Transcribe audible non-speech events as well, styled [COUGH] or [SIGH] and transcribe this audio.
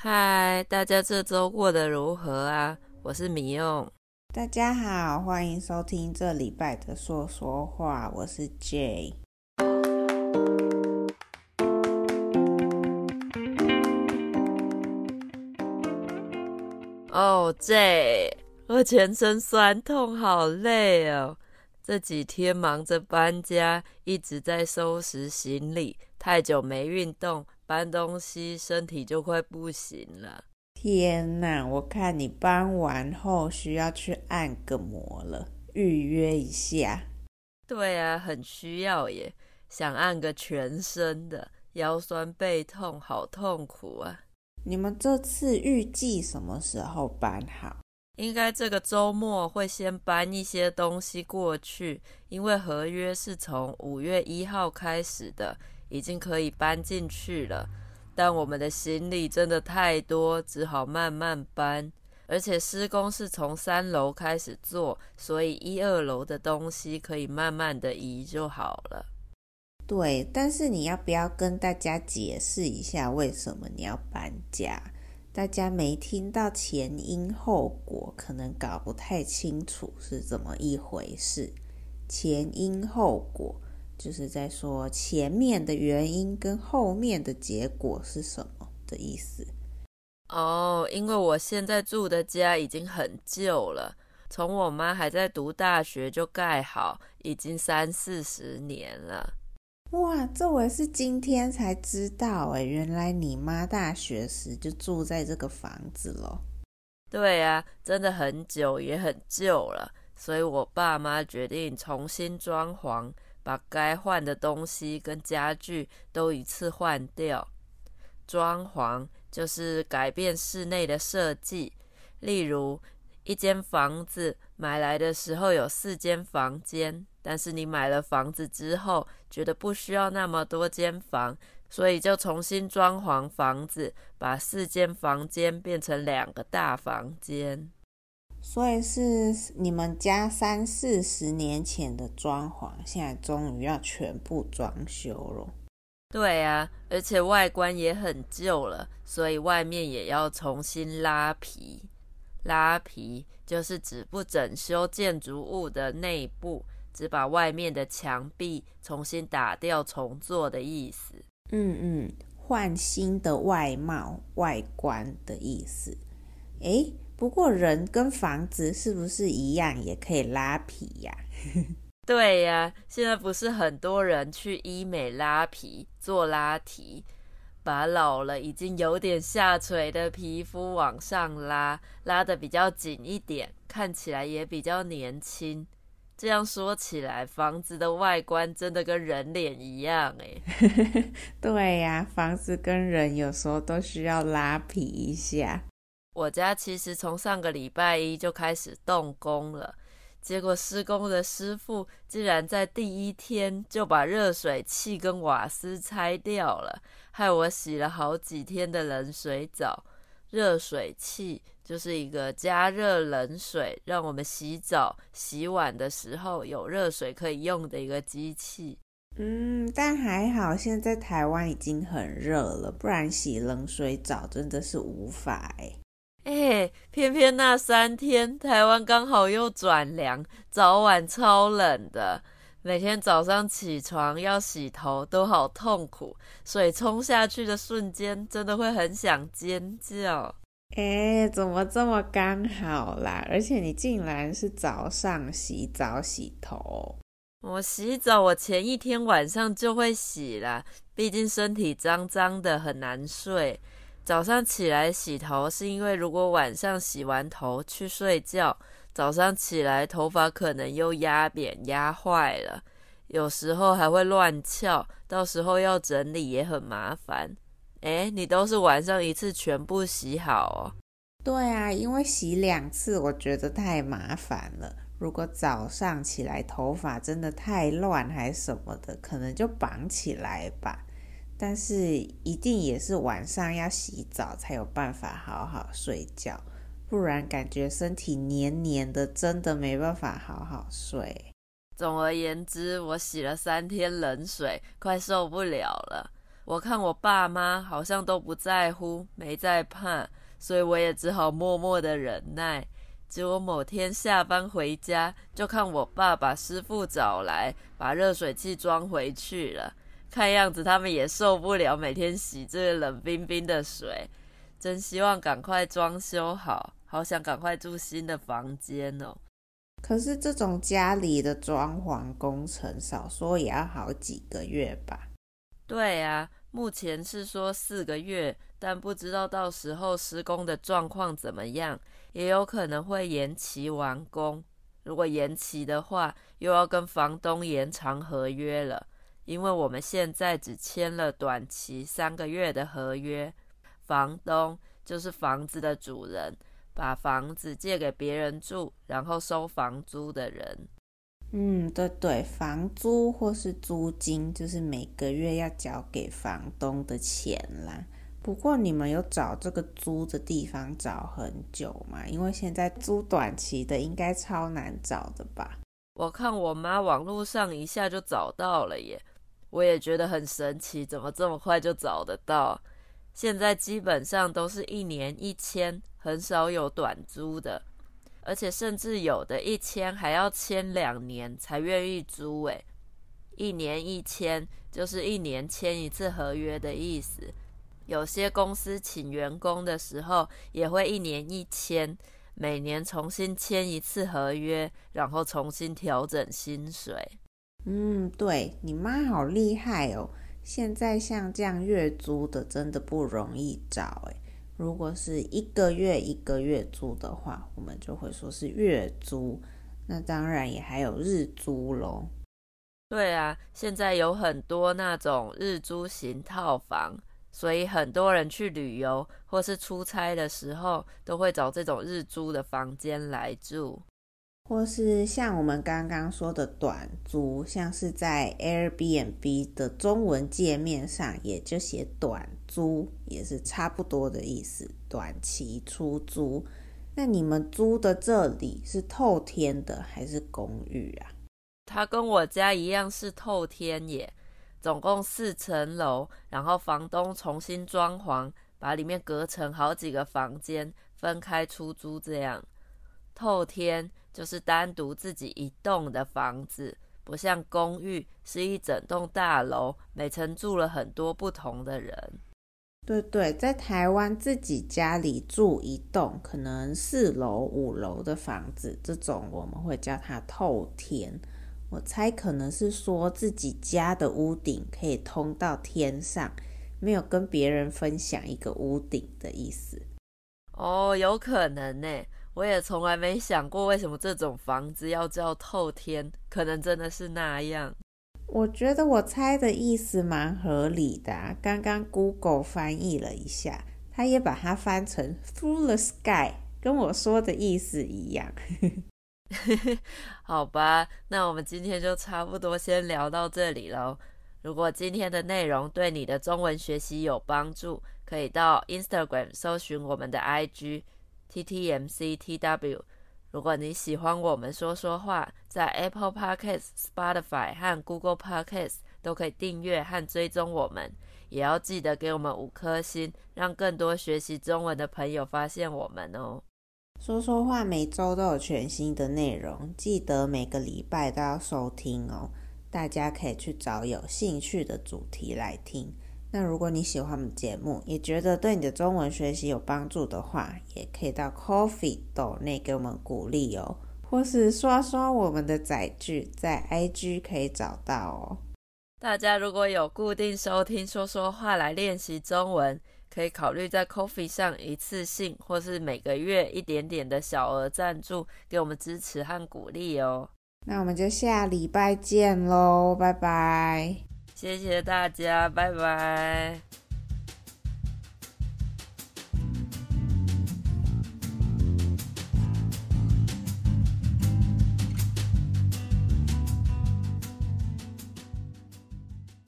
嗨，Hi, 大家這週過得如何啊？我是米用。大家好，歡迎收聽這禮拜的說說話。我是 Jay。哦、oh,，Jay，我全身酸痛，好累哦。這幾天忙着搬家，一直在收拾行李，太久沒運動。搬東西，身體就快不行了。天哪！我看你搬完後需要去按個摩了，預約一下。對啊，很需要耶，想按個全身的，腰痠背痛，好痛苦啊！你們這次預計什麼時候搬好？應該這個周末會先搬一些東西過去，因為合約是從五月一號開始的。已經可以搬進去了，但我們的行李真的太多，只好慢慢搬。而且施工是從三樓開始做，所以一二樓的東西可以慢慢的移就好了。對，但是你要不要跟大家解釋一下為什麼你要搬家？大家沒聽到前因後果，可能搞不太清楚是怎麼一回事。前因後果。就是在說前面的原因跟後面的結果是什麼的意思。哦，因為我現在住的家已經很舊了，從我媽還在讀大學就蓋好，已經三四十年了。哇，這我也是今天才知道哎，原來你媽大學時就住在這個房子了。對呀，真的很久也很舊了，所以我爸媽決定重新裝潢。把該換的東西跟家具都一次換掉。裝潢就是改變室內的設計，例如一間房子買來的時候有四間房間，但是你買了房子之後覺得不需要那麼多間房，所以就重新裝潢房子，把四間房間變成兩個大房間。所以是你們家三四十年前的裝潢，現在終於要全部裝修了。對啊，而且外觀也很舊了，所以外面也要重新拉皮。拉皮就是指不整修建築物的內部，只把外面的牆壁重新打掉重做的意思。嗯嗯，換新的外貌、外觀的意思。誒。不過人跟房子是不是一樣也可以拉皮呀，啊？ [LAUGHS] 對呀，啊，現在不是很多人去醫美拉皮做拉提，把老了已經有點下垂的皮膚往上拉，拉得比較緊一點，看起來也比較年輕。這樣說起來，房子的外觀真的跟人臉一樣誒。 [LAUGHS] 對呀，啊，房子跟人有時候都需要拉皮一下。我家其實從上個禮拜一就開始動工了，結果施工的師傅竟然在第一天就把熱水器跟瓦斯拆掉了，害我洗了好幾天的冷水澡。熱水器就是一個加熱冷水，讓我們洗澡、洗碗的時候有熱水可以用的一個機器。嗯，但還好現在台灣已經很熱了，不然洗冷水澡真的是無法耶哎、欸，偏偏那三天台灣剛好又轉涼，早晚超冷的，每天早上起床要洗頭都好痛苦，水沖下去的瞬間真的會很想尖叫。哎、欸，怎麼這麼剛好啦？而且你竟然是早上洗澡洗頭，我洗澡我前一天晚上就會洗啦，畢竟身體髒髒的很難睡。早上起來洗頭是因為，如果晚上洗完頭去睡覺，早上起來頭髮可能又壓扁壓壞了，有時候還會亂翹，到時候要整理也很麻煩。哎，你都是晚上一次全部洗好哦？對啊，因為洗兩次我覺得太麻煩了。如果早上起來頭髮真的太亂還什麼的，可能就綁起來吧。但是一定也是晚上要洗澡，才有辦法好好睡覺，不然感覺身體黏黏的，真的沒辦法好好睡。總而言之，我洗了三天冷水，快受不了了。我看我爸媽好像都不在乎，沒在怕，所以我也只好默默的忍耐。結果某天下班回家，就看我爸把師傅找來，把熱水器裝回去了。看樣子他們也受不了每天洗這冷冰冰的水，真希望趕快裝修好，好想趕快住新的房間哦。可是這種家裡的裝潢工程，少說也要好幾個月吧？對啊，目前是說四個月，但不知道到時候施工的狀況怎麼樣，也有可能會延期完工。如果延期的話，又要跟房東延長合約了。因為我們現在只簽了短期三個月的合約，房東就是房子的主人，把房子借給別人住，然後收房租的人。嗯，對對，房租或是租金就是每個月要交給房東的錢啦。不過你們有找這個租的地方找很久嗎？因為現在租短期的應該超難找的吧？我看我媽網路上一下就找到了耶。我也覺得很神奇，怎麼這麼快就找得到？現在基本上都是一年一簽，很少有短租的，而且甚至有的一簽還要簽兩年才願意租誒。一年一簽就是一年簽一次合約的意思。有些公司請員工的時候也會一年一簽，每年重新簽一次合約，然後重新調整薪水。嗯，對，你媽好厲害哦。現在像這樣月租的真的不容易找誒。如果是一個月一個月租的話，我們就會說是月租。那當然也還有日租咯。對啊，現在有很多那種日租型套房，所以很多人去旅遊或是出差的時候，都會找這種日租的房間來住。或是像我們剛剛說的短租，像是在 Airbnb 的中文界面上，也就寫短租，也是差不多的意思，短期出租。那你們租的這裡是透天的還是公寓啊？它跟我家一樣是透天耶。總共四層樓，然後房東重新裝潢，把裡面隔成好幾個房間，分開出租這樣，透天。就是單獨自己一棟的房子，不像公寓是一整棟大樓，每層住了很多不同的人。對對，在台灣自己家裡住一棟，可能四樓、五樓的房子，這種我們會叫它透天。我猜可能是說自己家的屋頂可以通到天上，沒有跟別人分享一個屋頂的意思。哦，oh, 有可能呢、欸。我也從來沒想過，為什麼這種房子要叫透天？可能真的是那樣。我覺得我猜的意思蠻合理的啊，剛剛 Google 翻譯了一下，他也把它翻成 through the sky，跟我說的意思一樣。 [LAUGHS] [LAUGHS] 好吧，那我們今天就差不多先聊到這裡嘍。如果今天的內容對你的中文學習有幫助，可以到 Instagram 搜尋我們的 IG。T T M C T W。MC, TW, 如果你喜歡我們說說話，在 Apple Podcasts、Spotify 和 Google Podcasts 都可以訂閱和追蹤我們。也要記得給我們五顆星，讓更多學習中文的朋友發現我們哦。說說話每週都有全新的內容，記得每個禮拜都要收聽哦。大家可以去找有興趣的主題來聽。那如果你喜歡我們節目，也覺得對你的中文學習有幫助的話，也可以到 Ko-fi 斗內給我們鼓勵哦，或是刷刷我們的載具，在 IG 可以找到哦。大家如果有固定收聽說說話來練習中文，可以考慮在 Ko-fi 上一次性或是每個月一點點的小額贊助，給我們支持和鼓勵哦。那我們就下禮拜見嘍，拜拜。謝謝大家，拜拜。